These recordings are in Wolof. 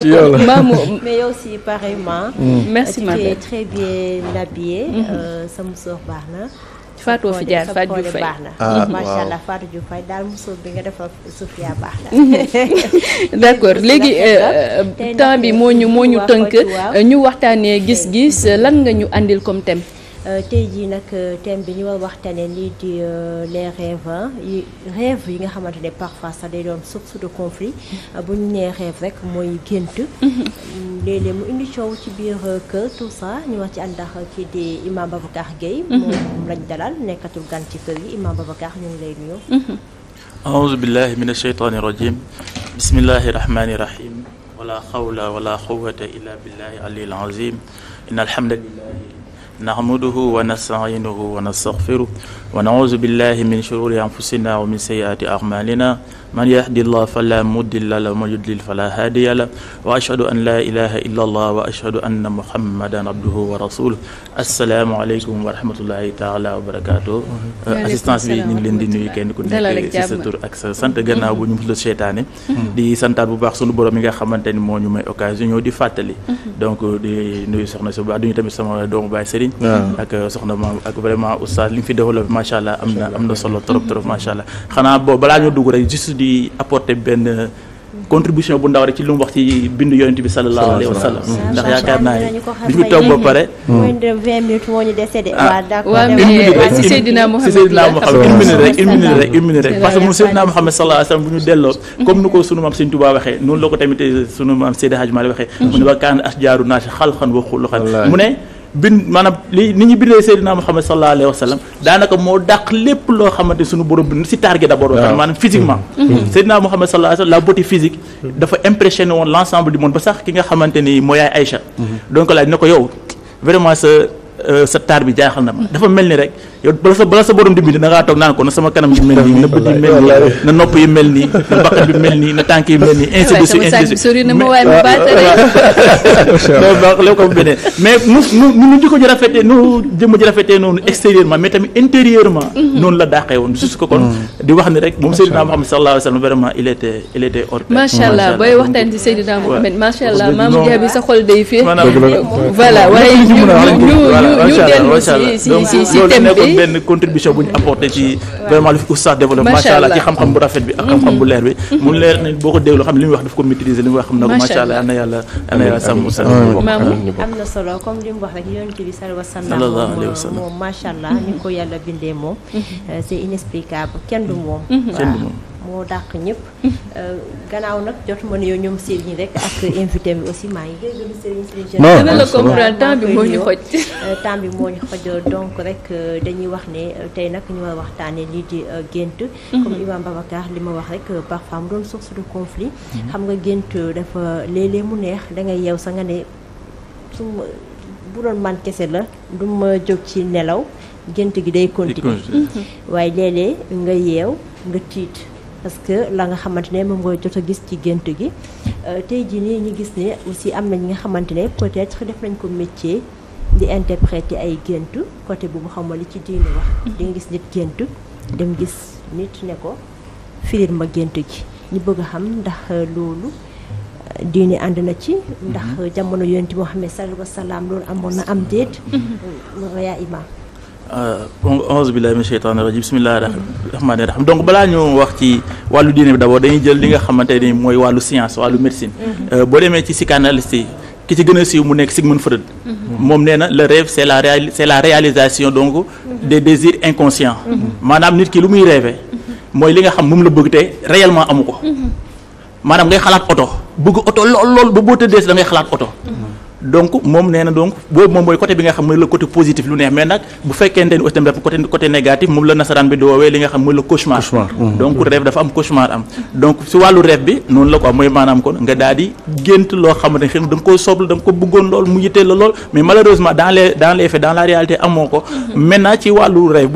Mamou mais yow mm. merci ma belle tu es très bien habillée. Mm-hmm. Euh, na. Fatou fi jaar ah, Fatou Diouf Faye daal musóor bi nga defal Sophia baax na. Mm-hmm. d'accord léegi euh, temps bi moo ñu euh, moo ñu tënk ñu waxtaanee gis-gis lan nga ñu andil comme thème. Euh, tey jii nag euh, thème bi ñu war waxtaane lii di euh, les rêves yi yi nga xamante ne parfois sax day doon source de conflit bu ñu nee rêve rek mooy gént léeg-léeg mu indi coow ci biir kër tout ça ñu wax ci àndax kii di imam Babacar Gueye mhm. moom lañ dalal nekkatul gan ci kër yi imam Babacar ñu ngi lay nuyu mhm. aouzu billahi min asheytaani rajim bismillahi rahmaani rahim wala xawla wala quwwata illa billahi aliyil azim inna alhamdulillah نحمده ونستعينه ونستغفره ونعوذ بالله من شرور أنفسنا ومن سيئات أعمالنا من يهد الله فلا مضل له ومن يضلل فلا هادي له وأشهد أن لا إله إلا الله وأشهد أن محمدا عبده ورسوله السلام عليكم ورحمة الله تعالى وبركاته euh, assistance bi ñu ngi leen di nuyu kenn ku nekk ci sa ak sa sant gannaaw bu ñu muslu seytaane hmm. di santaat bu baax sunu borom mi nga xamante ni moo ñu may occasion ñëw di fàttali hmm. donc di nuyu soxna si bu tamit sama doomu baay sëriñ Sëriñ ah. ak euh, soxna maam ak vraiment oustaz li mu fi développé macha allah am na am na solo trop trop macha allah xanaa boo balaa ñu dugg rek juste di apporter benn contribution bu ndaw rek ci lu mu wax ci si mm. ah. Seydina Mohamed si Seydina Mohamed une minute rek une minute rek une minute rek parce que mu Seydina Mohamed sallallahu alayhi wa sallam bu ñu delloo comme ni ko sunu maam Sëñ Tuubaa waxee noonu la ko tamit euh, sunu maam Seydi Hadj Malick waxee mm. mu ne wa kaana asjaaru naas xalqan wa xuluqan mu ne bind maanaam li ni ñu bindee Seydina Muhammad sallallahu alayhi wa daanaka moo dàq lépp loo xamante suñu borom bind si taar gi d' abord waxtaan maanaam physiquement mm-hmm. Mm-hmm. Seydina Muhammad sallallahu alayhi wa sallam la beauté physique mm-hmm. dafa impressionné woon l' ensemble du monde ba sax ki nga xamante ni moo yaay Aïcha donc laaj na ko yow vraiment sa euh, sa taar bi jaaxal na ma dafa mel ni rek yow bala sa bala sa borom di bind da toog naan ko na sama kanam yi mel nii na bët yi mel nii na nopp yi mel nii na bakkan bi mel nii na tànk yi mel nii ainsi de suite ainsi de suite loolu baax léegi ko beneen mais nu nu nu jikko ji rafetee nu jëmm ji rafetee noonu extérieurement mais tamit intérieurement mhm. noonu la dàqee woon juste ko kon mhm. di wax ni rek moom Seydina Mohamed sallallahu alayhi wa sallam vraiment il était il était hors macha allah booy waxtaan ci Seydina Mohamed macha allah maam Diaby sa xol day fii voilà waaye ñu ñu ñu dellu si si si thème bi doon benn contribution bu ñu ci vraiment allah ci xam-xam bu rafet bi ak xam-xam bu leer bi mhm. mu leer na boo ko déglu xam li li muy wax xam na ko macha na solo comme li mu wax rek yonent bi sallallahu alayhi wa sallam moom macha allah ni ko yàlla bindee moom mhm. euh, c'est inexplicable kenn du moom mhm. kenn du moom moo dàq ñëpp. Euh, gannaaw nag jot jotuma nuyoo ñoom Serigne rek ak invité mi aussi maa ngi jégalu Serigne Serigne. non dana la comprendre temps bi moo ñu xoj. Euh, temps bi moo ñu xoj euh, donc rek dañuy wax ne tey nag ñu war waxtaanee lii di gént. Mhm. comme Imam Babacar li ma wax rek parfois mu doon source de conflit. Mhm. xam nga gént dafa léeg mu neex dangay yeew sa nga ne su bu doon man kese la du ma jóg ci nelaw gént gi day continuer mhm. waaye léeg nga yeew nga tiit parce que la nga xamante ne moom nga jot a gis ci gént gi euh, tey jii nii ñu gis ne aussi am na ñi nga xamante ne peut-être def nañ ko métier di interpréter ay gént côté boobu xam li ci diini wax mm-hmm. di nga gis nit gént dem gis nit ne ko firir ma gént gi ñu bëgg a xam ndax euh, loolu euh, diine ànd na ci mm-hmm. ndax jamono yonent Muhammad sallallahu alayhi wa sallam loolu amoon na am déet mm-hmm. yaa imaam Euh, onze billahi min sheytaani rajim bismillahi rahmaani rahim donc balaa ñu wax ci wàllu diine bi d'abord dañuy jël li nga xamante ni mooy wàllu science wàllu médecine mm-hmm. euh, boo demee ci psychanalyste ki ci gën a siiw mu nekk Sigmund Freud mm-hmm. moom nee na le rêve c'est la la réalisation donc mm-hmm. des désirs inconscients maanaam nit kii lu muy rêver mooy li nga xam moom la bëgg te réellement amu ko maanaam ngay xalaat oto bëgg oto lool lool ba boo tëddee si da ngay xalaat oto donc moom nee na donc boobu moom mooy côté bi nga xam mooy le côté positif lu neex mais nag bu fekkente ni aussi tamit dafa côté côté négatif moom la nasaraan bi di woowee li nga xam mooy le cauchemar donc rêve dafa am cauchemar am donc maanaam kon nga daal di gént loo xamante ne ko soble da ko bëggoon lool mu yitteel la lool mais malheureusement dans les dans les faits dans la réalité amoo ko maintenant ci wàllu rêve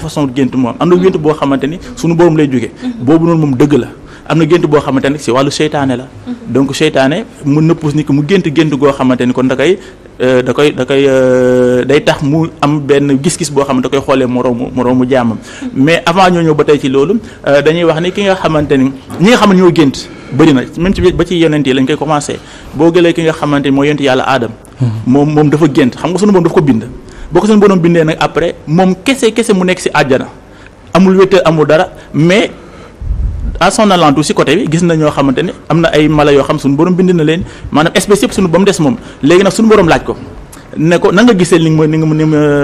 façon gént moom am na boo xamante ni suñu borom lay jógee boobu noonu moom dëgg la am na gént boo xamante ne si wàllu seytaane la mhm. donc seytaane mun na pousse nit ki mu gént gént goo xamante ni kon da koy euh, da koy da koy euh, day tax mu am benn gis-gis boo xam ne da koy xoolee moroomu moroomu jàmmam mhm. mais avant ñoo ba tey ci loolu euh, dañuy wax ni ki nga xamante ni ñi nga xam ne ñoo gént bëri na même ci ba ci yonent yi lañ koy commencé boo gëlee ki nga xamante ni mooy yonent yàlla aadam mhm. moom moom dafa gént xam nga sunu borom dafa ko bind boo ko sunu borom bindee nag après moom kese kese mu nekk si àjjana amul wéttal amul dara mais à son alentour si côté bi gis na ñoo xamante ne am na ay mala yoo xam suñu borom bind na leen maanaam espèce yëpp suñu ba mu des moom léegi nag suñu borom laaj ko ne ko nan nga gisee li ma ni ma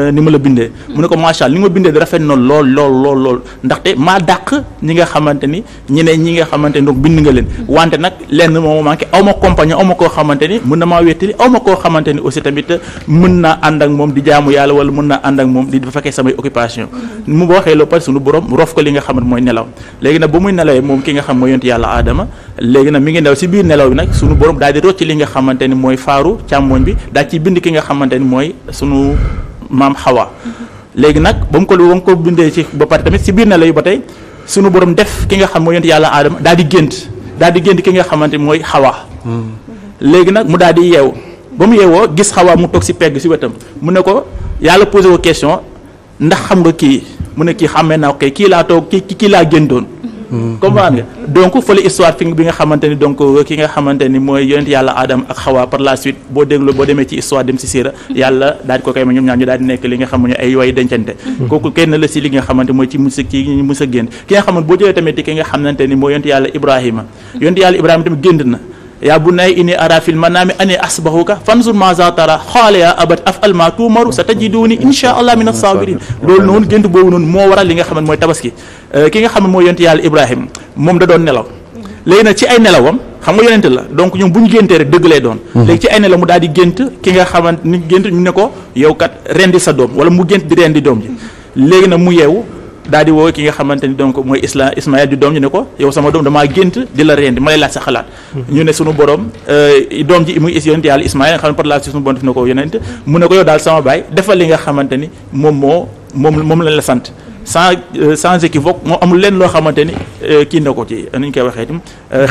ni ma la bindee. mu ne ko macha allah li ma bindee rafet na lool lool lool lool ndaxte maa dàq ñi nga xamante ni ñeneen ñi nga xamante ni donc bind nga leen. wante nag lenn moo manqué aw ma compagnon aw ma koo xamante ni mën na maa wéttali aw ma koo xamante ni aussi tamit mën naa ànd ak moom di jaamu yàlla wala mën naa ànd ak moom di fekkee samay occupation. mu waxee loo pare suñu borom rof ko li nga xam ne mooy nelaw léegi nag ba muy nelawee moom ki nga xam mooy yonent yàlla léegi nag mi ngi new si biir nelaw bi nag sunu borom daal di rocc li nga xamante ni mooy faaru càmmoñ bi daal ci bind ki nga xamante ni mooy sunu maam xawa léegi nag ba mu ko ba mu ko bindee ci ba pare si biir nelaw yi ba tey sunu borom def ki nga xam mooy yàlla aadama daal di gént daal di gént ki nga xamante ni mooy xawa léegi nag mu daal di yeew ba mu yeewoo gis xawaa mu toog si pegg si wetam mu ne ko yàlla posé ko question ndax xam nga kii mu ne kii xàmmee naa ko kii laa toog kii kii laa géntoon comprendre nga donc fële histoire bi nga xamante ni donc euh, ki nga xamante ni mooy yonent yàlla Adam ak Xawa par la suite boo déglu boo demee ci histoire dem si siira yàlla daal ko koy ma ñoom ñaar ñu daal nekk li nga xam ne ay yooyu dencante mm-hmm. kooku kenn la si li nga xamante mooy ci musa ki musa génn ki nga xamante ni mooy yonent yàlla Ibrahima yonent yàlla Ibrahima tamit génn na yaa bunayya inni araa fil manaami annii asbahuka fanzur maazaa taraa qaala yaa abati af'al maa tu'maru satajiduunii inshaa Allah mina saabiriin loolu noonu gént boobu noonu moo waral li nga xam ne mooy tabaski euh, ki nga xam ne mooy yonent yàlla Ibrahima moom da doon nelaw léegi nag ci ay nelawam xam nga yonent la donc ñoom bu ñu géntee rek dëgg lay doon mhm. léegi ci ay nelaw mu daal di gént ki nga xamante ni gént ñu ne ko yow kat rendi sa doom wala mu gént di rendi doom léegi nag mu yeewu daal di woo ki nga xamante ni donc mooy isla Ismaël di doom ji ne ko yow sama doom damaa gént di la rendi ma lay laaj sa xalaat hmm. ñu ne sunu borom euh, doom ji muy yonent yàlla Ismaël nga xam la suite sunu borom def na ko yonent mu ne ko yow daal sama baay defal li nga xamante ni moom moo moom moom lañ la sant sans euh, sans équivoque moo amul leen loo xamante ni euh, kii na ko ci nuñ koy waxee itam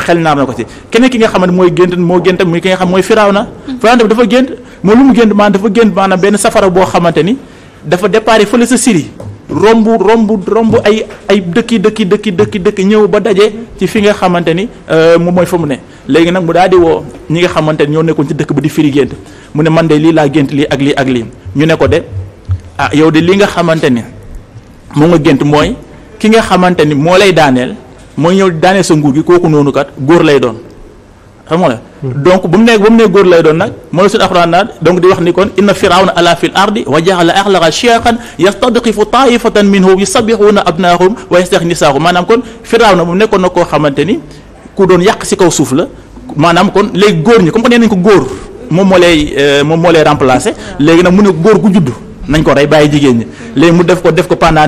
xel naa na ko ci keneen ki nga xamante mooy gént moo gént muy ki nga xam mooy Firawna hmm. Firawna dafa gént moo lu mu gént maanaam dafa gént maanaam benn safara boo xamante ni dafa départ fële sa siri romb romb romb ay ay dëkki dëkki dëkki dëkki dëkk ñëw ba daje ci fi nga xamante ni euh, moom mooy fa mu ne léegi nag mu daal di woo ñi nga xamante ni ñoo nekkoon ci dëkk ba di firi gént mu ne man de lii laa gént lii ak lii ak lii ñu ne ko de ah yow de li nga xamante ni moo nga gént mooy ki nga xamante ni moo lay daaneel mooy ñëw daaneel sa nguur gi kooku noonu kat góor lay doon. xam nga donc bu mu nee bu mu nee góor lay doon nag moo la suñu alxuraan donc di wax ni kon inna firawna ala fil ardi wa jaala ahlaha shiiqan yastadqifu taifatan minhum yusabbihuna abnahum wa yastaxi nisaahum maanaam kon na moom nekkoon na koo xamante ni ku doon yàq si kaw suuf la maanaam kon léegi góor ñi comme que nee nañ ko góor moom moo lay euh, moom moo lay remplacer léegi nag mu ne góor gu judd nañ ko rey bàyyi jigéen ñi léegi mu def ko def ko pendant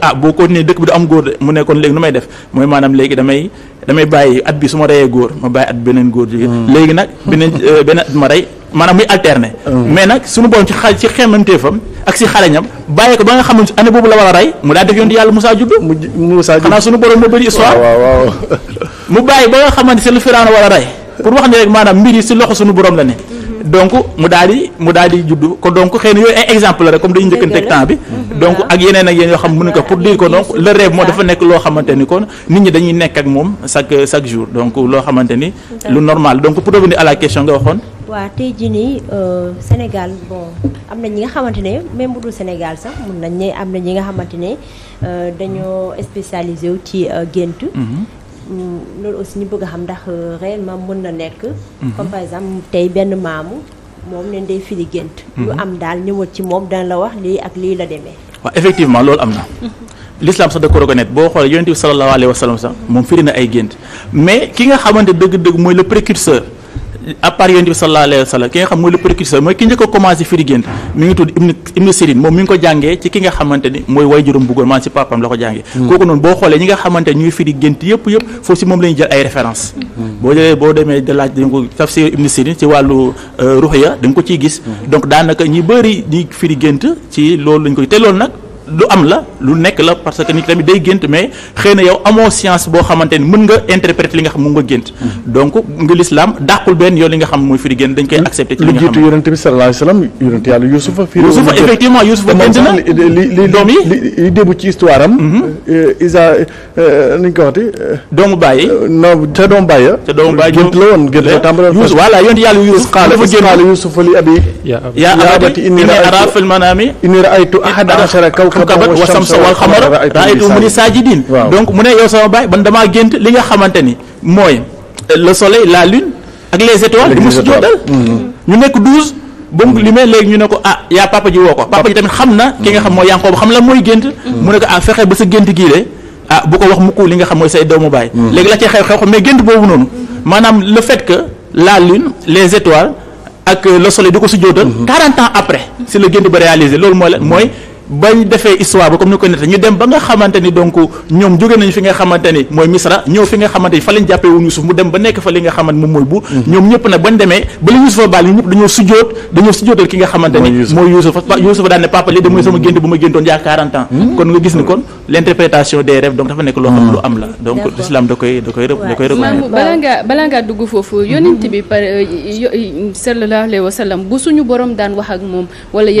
ah, boo continuer dëkk bi am góor de mu ne kon léegi nu may def mooy maanaam léegi damay damay bàyyi at bi su ma reyee góor ma bàyyi at beneen góor jigéen mm. léegi nag beneen euh, beneen at ma rey maanaam muy alterner mm. mais nag suñu borom ci xal ci xemmamteefam ak si xarañam bàyyi ko ba nga xamante année boobu la war a rey mu daa def yoon di yàlla Moussa judd Moussa judd xanaa suñu borom ma bëri histoire mu bàyyi ba nga xamante si lu Firawna war a rey pour wax ne rek maanaam mbir yi si loxo suñu borom la ne donc mu daal di mu daal di juddu ko donc xëy na yooyu exemple la rek comme dañu njëkkanteeg temps bi donc ak yeneen ak yéen yoo xam mënu ko pour dire ko donc le rêve moo dafa nekk loo xamante ni kon nit ñi dañuy nekk ak moom chaque chaque jour donc loo xamante ni lu normal donc pour revenir à la question nga waxoon waaw tey jii nii euh, Sénégal bon am na ñi nga xamante ne même bu dul Sénégal sax mun nañ ne am na ñi nga xamante ne euh, dañoo spécialisé wu ci euh, gént mhm. loolu aussi ñu bëgg xam ndax euh, réellement mën na nekk. Mhm. comme par exemple tey benn maamu moom leen day firi gént. lu mhm. am daal ñëwal ci moom dana la wax lii ak lii la demee. waaw effectivement loolu am na. Mhm. l'islam sax da ko reconnaître boo xoolee yonent bi sallallahu alayhi wa sallam sax moom firi na ay gént mais ki nga xamante dëgg-dëgg mooy le précurseur. à part yonent bi sallallahu alayhi wa sallam ki nga xam mooy le précurseur mooy ki njëkk a commencé firi gént mi ngi tudd ibnu ibnu Sirin moom mi ngi ko jàngee ci ki nga xamante mooy way juróom bu góor maanaam papam la ko jàngee hmm. kooku noonu boo xoolee ñi nga xamante ñuy firi gént yëpp yëpp foofu si moom la jël ay référence hmm. boo demee da laaj dañ ko tafsir ibnu Sirin ci wàllu euh, ruxya da nga ko ciy gis hmm. donc daanaka ñi bëri ñi firi gént ci loolu lañ koy te loolu lu am la lu nekk la parce que nit tamit day gént mais xëy na yow amoo science boo xamante ni mën nga interpréter li nga xam mu nga gént donc nga lislaam dàqul benn yoon li nga xam mooy firi gént dañ koy accepté ci li nga xam lu jiitu yonent bi sallallahu alayhi wasallam yonent yàlla yusufa firi yusufa effectivement gént na li doom yi li débu ci histoire am mhm. euh, isa euh, nañ ko waxati euh, doomu bàyyi non te doomu bàyyi te gént la woon gént la tàmbale voilà yonent yàlla gént qaala yusufa li abi yaa abati inni kabat wa samsa wal xamara raaytu mu ni saajidin donc mu ne yow sama baay man damaa gént li nga xamante ni mooy le soleil la lune ak ma sujjóotal mm-hmm. ñu nekk douze ba mu mm-hmm. limee léegi ñu ah, na ki nga xam mm-hmm. mooy Yankooba xam la mooy gént mu ne ko ah fexe ba sa gént gii de ah bu ko wax mukk li nga xam mooy say doomu baay léegi la ci xew xew mais gént boobu noonu maanaam le fait la lune les étoiles ak le soleil di ko sujjóotal 40 ans après si la gént ba réalisé loolu mooy lan mooy bañ defee histoire ba comme ni ko nette ñu dem ba nga xamante ni donc ñoom jóge nañ fi nga xamante ni mooy misra ñëw fi nga xamante ni fa lañ jàppee ba nekk fa li nga xamante moom mooy buur mm-hmm. ñoom ñëpp nag bañ demee ba li Yusuf baal ñu ñëpp dañoo sujjóot dañoo sujjóotal ki nga xamante ni mooy Yusuf Yusuf mm-hmm. daan ne papa lii de sama gént bu ma géntoon yaa 40 ans mm-hmm. kon nga gis ni kon l'interprétation des rêves donc dafa nekk loo xam lu am la donc l'islam da koy da koy da koy reconnaître balaa ngaa balaa ngaa dugg foofu yonent bi par euh, sallallahu alayhi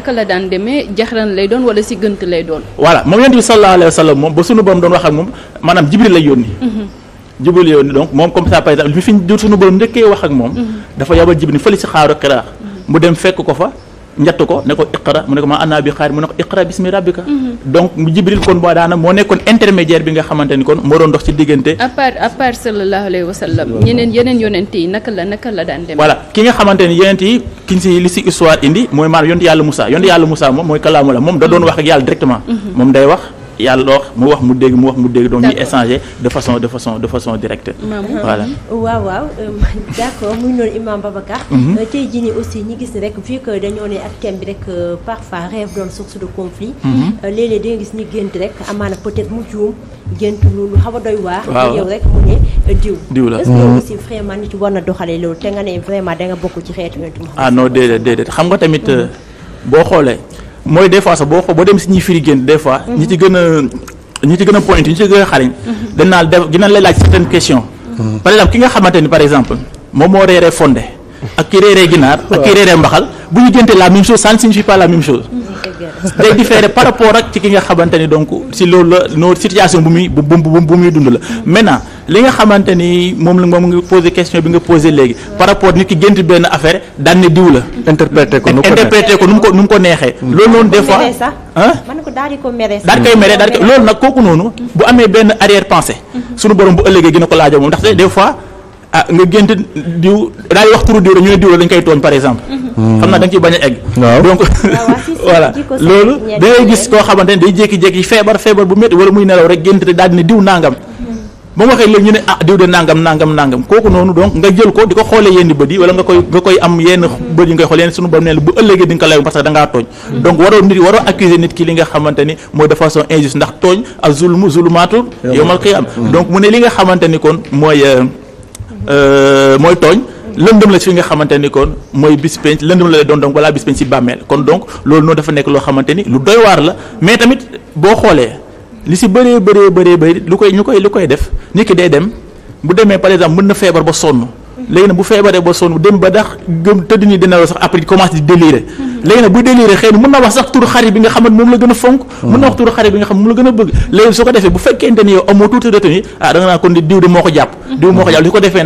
wa la demee jaxran lay doon wala si gënt lay doon. voilà moom yonent bi sallallahu alayhi wa sallam moom ba sunu borom doon wax ak moom maanaam jibril lay yónni. Mhm. jibril yónni donc moom comme ça par exemple li fi sunu borom njëkkee wax ak moom. Mhm. dafa yabal jibril fële si xaaru xiraax mhm. mu dem fekk ko fa. njatt ko ne ko iqra mu ne ko ma anna bi xaar mu ne ko iqra bismi rabbika donc jibril kon boo daana moo nekkoon intermédiaire bi nga xamante ni kon moo doon dox ci diggante à part à part sallallahu alayhi wa sallam yeneen yonent yi naka la naka la daan demee voilà ki nga xamante yonent yi kiñ si li si histoire indi mooy maanaam yonent yàlla Moussa yonent yàlla Moussa moom mooy kalaamu la moom da doon wax ak yàlla directement mhm. moom day wax yàlla loo mu wax mu dégg mu wax mu dégg donc ñu échanger de façon de façon de façon directe voilà waaw waaw euh, d' accord muy noonu Imam Babacar mhm. euh, tey jii nii aussi ñi gis ni rek vu que dañoo ne ak thème bi rek euh, parfois rêve doon source de conflit mhm. léeg-léeg da nga gis ñu gént rek amaana peut-être mu juum gént loolu xaw a doy waar yow rek mu ne diw diw la est-ce que mhm. aussi vraiment nit war na doxalee loolu te nga ne vraiment da nga bokk ci xeetu ah non déedéet déedéet xam nga tamit boo xoolee mooy des fois sax boo xoo boo dem si ñuy firi gént des fois. ñi ci gën a ñi ci gën a point ñi ci gën a xariñ. Mhm. dañ naan def dinañ lay laaj certaines questions. Mhm. par exemple ki nga xamante ni par exemple moom moo reeree fondé. ak ki réeree ginaar ak ki réeree mbaxal bu ñu jënte la même chose ça ne signifie pas la même chose day différé par rapport ak ci ki nga xamante ni donc si loolu la no situation bu muy bu bu muy dund la li nga xamante ni moom la moom nga posé question bi nga posé léegi par rapport nit ki gént benn affaire daan ne diw la. interprété ko nu ko mu ko neexee. Hmm. loolu noonu des fois ah. mën ko daal koy mere daal koy loolu nag kooku noonu. bu amee benn arrière pensée. Hmm. sunu borom bu ëllëgee gën a ko laajoo moom ndaxte des fois. ah nga gént diw daal di wax turu diw rek ñu ne diw dañ koy tooñ par exemple. Mm-hmm. xam naa da nga bañ a egg. donc ah, voilà loolu da ngay gis koo xamante ne day jékki-jékki feebar feebar bu métti wala muy nelaw rek gént daal di ne diw nangam. Mm-hmm. ba mu waxee léegi ñu ne ah diw de nangam nangam nangam kooku noonu donc nga jël ko di ko xoolee yenn bët yi wala nga koy nga koy am yenn bët yi nga xool yenn sunu borom ne bu ëllëgee di que da ngaa tooñ mm-hmm. nit ki li nga xamante ni mooy de façon injuste ndax tooñ ak zulmu zulumaatul yowmal qiyaam donc mu ne li nga xamante ni kon mooy euh, Euh, mooy tooñ lëndëm la ci nga xamante ni kon mooy bis lëndëm la lay doon donc wala bis penc ci bàmmeel kon donc loolu noo dafa nekk loo xamante ni lu doy waar la mais tamit boo xoolee li si bëree bëree bëree bëri lu koy ñu koy lu koy def nit ki day dem bu demee par exemple mën na feebar ba sonn. léegi nag bu feebaree ba sonn dem ba dax tëdd ni dina sax après commencé di délirer léegi nag bu délirer xëy na mën na wax sax turu xarit bi nga xam moom a fonk mën na wax turu xarit bi nga xam ne moom la gën a bëgg léegi ah li ko defee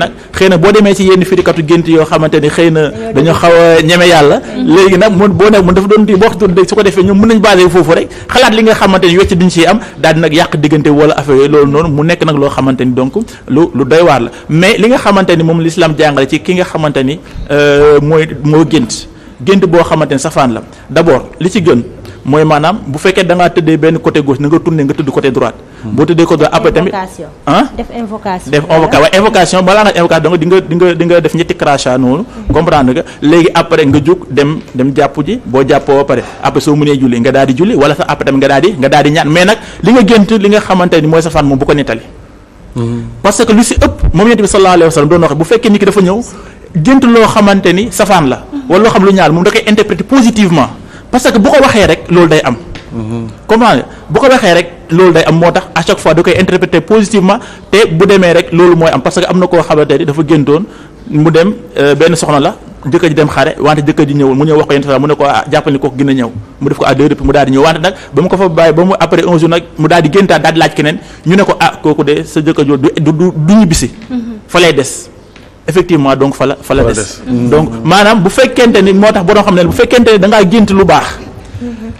lislaam jàngale ci ki nga xamante ni euh, mooy moo gént gént boo xamante ni safaan la d'abord li ci gën mooy maanaam bu fekkee da ngaa tëddee benn côté gauche na nga tourné nga tëdd côté droite. Hmm. boo tëddee côté droite après tamit ah def invocation def invocation waaye invocation balaa nga def ñetti crachat noonu. Hmm. comprendre nga léegi après nga jóg dem dem jàpp ji boo jàppoo ba pare après soo mënee julli nga daal di julli wala sax après tamit nga daal di ñaan mais nag li nga gént li nga xamante mooy safaan parce que lu si ëpp moom yonent bi sallallahu alayhi wa sallam doon wax bu fekkee nit ki dafa loo xamante ni safaan la. wala loo xam lu ñaar moom da koy interpréter positivement parce que bu ko waxee rek loolu day am. comment bu ko waxee rek loolu day am moo tax à chaque fois da koy interpréter positivement te bu demee rek loolu mooy am parce que am na koo xamante ni dafa géntoon mu dem euh, benn soxna la. jëkkër ji dem xare wante jëkkër ji ñëwul mu ñëw wax ko yenn saa mu ne ko ah, jàppal ni ko gën a ñëw mu def ko à deux reprises mu daal di ñëw wante nag ba mu ko fa bàyyi ba mu après un nag mu daal di géntaat daal laaj keneen ñu ne ko ah kooku de sa jëkkër joo du du du ñibbisi mm-hmm. fa lay des effectivement donc fa la fa la des donc mm-hmm. maanaam bu fekkente ni moo tax boroom xam ne bu fekkente ni dangay ngaa gént lu baax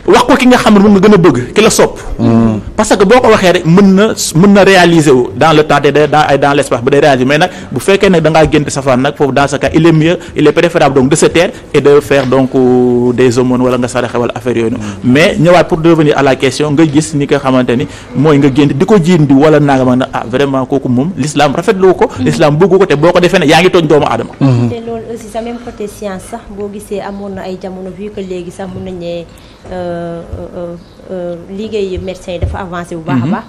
wax ko ki nga xam ne moom nga gën a bëgg ki la sopp parce que boo ko waxee rek mën na mën na réaliser wu dans le temps te day dans dans l' espace ba day réaliser mais nag bu fekkee nag da ngaa génte safaan nag foofu dans ce cas il est il est préférable donc de euh, nga mm. la question nga gis ni nga xamante ni mooy nga génte di ko jiindi wala naanga ma ah vraiment kooku moom l'islam rafetlu ko mm. l'islam bëggu ko te boo ko defee ne yaa ngi tooñ doomu aadama mm-hmm. si sa même côté science sax boo gisee amoon na ay jamono vu que léegi sax mun nañ ne euh, euh, euh, liggéey médecin yi dafa avancé bu baax a mhm. baax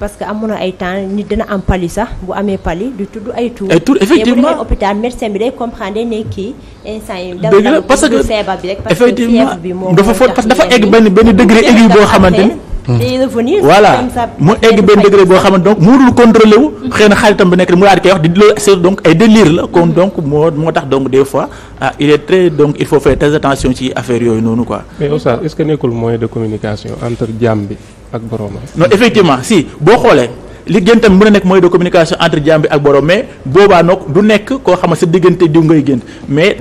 parce que amoon na ay temps nit dina am pali sax bu amee pali di tudd ay tur ay tur effectivement bu hôpital médecin bi day comprendre day ne kii instant yi dëgg la parce que feebar bi rek parce que feebar bi moo dafa fo parce que dafa egg benn benn degré aigu boo xamante ni day mm. mu egg benn degré boo xam ne donc mënul contrôlé wu. Mm. xëy na xaritam bi nekk mu daal di koy wax di loolu c'est donc ay délire la kon mm. donc moo moo tax donc des fois ah, il est très donc il faut faire très attention ci affaire yooyu noonu quoi. mais Oustaz est-ce que nekkul moyen de communication entre jaam bi ak boroomam. non effectivement si boo xoolee. li gën tamit mën a nekk mooy de communication entre jaam bi ak borom mais boobaa nag du nekk koo xam ne sa diggante diw ngay gént mais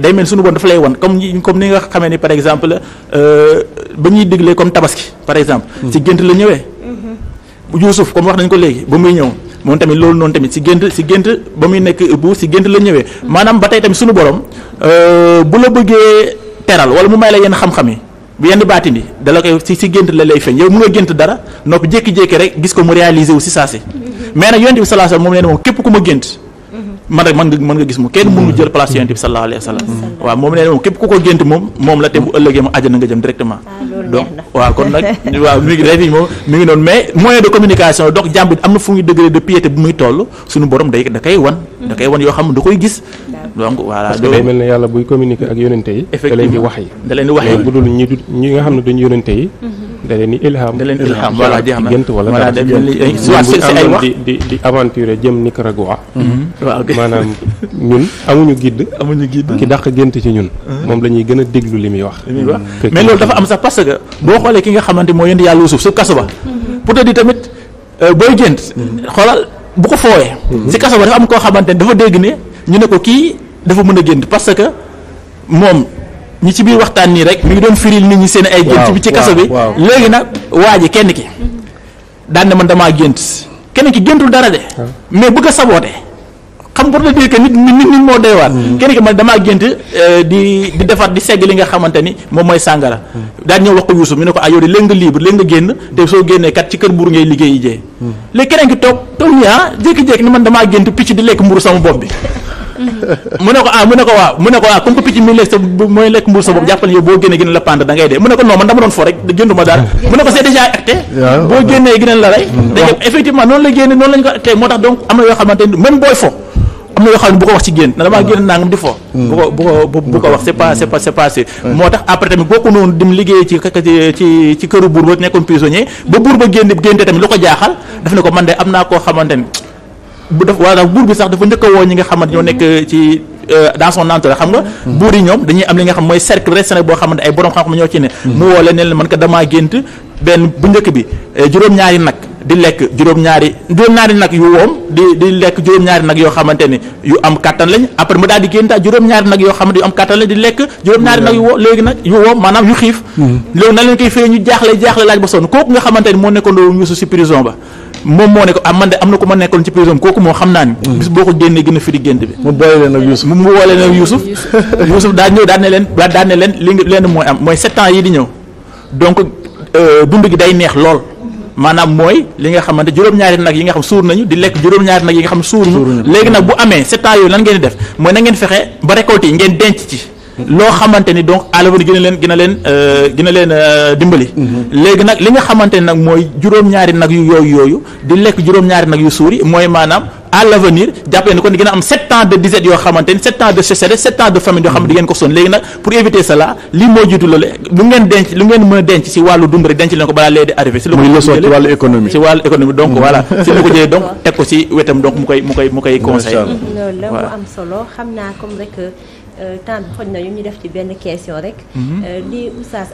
ba ñuy diglee comme tabaski par exemple. ci gént la ñëwee. Mm-hmm. Youssouf comme wax nañ ko léegi ba muy ñëw moom tamit loolu noonu tamit si gént si gént ba muy nekk buur si gént la ñëwee. Mm-hmm. maanaam ba tey tamit suñu borom euh, bu la bëggee teral wala mu may la yenn xam-xam yi bu yenn baatin yi dala koy ci ci gént la lay feeñ yow mu nga gént dara noppi jékki-jékki rek gis ko mu réaliser wu ci saa si mm-hmm. mais nag yonent bi sallallahu moom nee moom képp ku ma gént. man rek mën nga gis mu kenn mënu mm. jël place yonent bi sallallahu alayhi wa sallam mm. Mm. waaw moom nee na moom képp ku ko gént moom moom la te bu ëllëgee mu àjjana nga jëm directement ah, donc waaw kon nag waaw mi ngi rek moom mi ngi noonu mais moyen de communication donc jàmbit am na fu muy degré de piété bu muy toll suñu borom day da koy wan da koy wan yoo xam ne da koy gis donc voilà parce que mel na yàlla buy communiquer ak yonente yi da leen di wax yi da leen di nga xam ne duñu yonente mm-hmm. da leen di ilham da leen di ilham voilà jeex na gént dem li si ay wax di di di aventure jëm Nicaragua mhm. maanaam ñun amuñu guide ki dàq gént ci ñun ah. moom la ñuy gën a déglu li muy wax mais loolu dafa am sax parce que boo xoolee ki nga xamante moo yënd yàlla suuf su kaso ba mhm. pour te di tamit euh, booy gént mhm. xoolal bu ko foowee si kaso ba dafa am koo xamante ne dafa dégg ne ñu ne ko kii dafa mën a gént parce que moom ñi ci biir waxtaan nii rek mi ngi doon firil nit ñi seen ay gént bi ci kaso bi léegi nag waa ji kenn ki daan ne man damaa gént kenn ki géntul dara de ah. mais bëgg a saboote xam pour te dire que nit nit nit moo doy waar hmm. ki man damaa gént euh, di di defar di segg li nga xamante ni moom mooy sàngara hmm. daan ñëw wax ko Yuusuf ñu ne ko ah yow de léegi nga libre léegi nga génn te soo génnee kat ci kër buur ngay liggéeyi yi jee hmm. léegi keneen ki toog toog ñi ah jékki-jékki ni man damaa gént picc di lekk mburu sama bopp bi mu ne ko ah mu ne ko waaw mu ne ko waaw ah, comme que picc mi lekk mbuur sa bopp jàppal yow boo boo génnee gën la rey mm. effectivement noonu la génne noonu lañ ko acté moo tax donc am na yoo xamante ni même booy fo am na yoo xam bu ko wax ci génn na damaa mm. génn nangam di fo mm. bu ko bu ko bu ko wax c'est pas c'est pas moo tax après tamit boo ko noonu dim liggéey ci ci ci këru buur ba nekkoon prisonnier ba buur ba génn génte tamit bu def wala buur bi sax dafa njëkk a woo ñi nga xamante ñoo nekk ci euh, dans son entourage xam nga mm-hmm. buur yi ñoom dañuy am li nga xam mooy cercle restreint boo xamante ay borom xam-xam ñoo ci ne mm-hmm. mu woo leen ne leen man ko damaa gént benn njëkk bi euh, juróom-ñaari nag di lekk juróom-ñaari juróom-ñaari nag yu woom di di lekk juróom-ñaari nag yoo xamante ne yu am kattan lañ après mu daal di génn daal juróom-ñaari nag yoo xamante yu am kattan lañ di lekk juróom-ñaari nag yu woo léegi woom maanaam yu xiif mm-hmm. loolu na leen koy fee ñu jaaxle jaaxle laaj ba sonn kooku nga xamante ne moo nekkoon doon yuusu prison ba moom moo ne ko am ah, man de am na ku ma nekkoon ci prison kooku moo xam naa ni mm. bis boo ko génnee gën a firi gént bi mu boole leen ak Youssouf mu boole leen ak Youssouf Youssouf daa ñëw daan ne leen daan ne leen li leen mooy am mooy donc euh, dund gi day neex lool maanaam mooy li nga xamante juróom-ñaari nag yi nga xam suur nañu di lekk juróom-ñaari nag yi nga xam suur léegi nag bu amee sept ans yooyu lan ngeen di def mooy na ngeen fexe ba récolte yi ngeen denc ci loo xamante ni donc à l'avenir gën leen gën leen euh, euh, dimbali. Mm-hmm. léegi nag li nga xamante ni nag mooy juróom-ñaari nag yu yooyu yooyu di lekk juróom-ñaari nag yu suur yi mooy maanaam à l'avenir jàpp leen ni kon di gën a am sept ans de disette yoo xamante ni sept ans de sécheresse sept ans de famine yoo xam ne di ngeen ko sonn léegi nag pour éviter cela li moo jiitu loolu lu ngeen denc lu ngeen mën a denc ci wàllu économie mm-hmm. si temps bi xoj na ñu def ci benn question rek. Mhm. Euh, li oustaz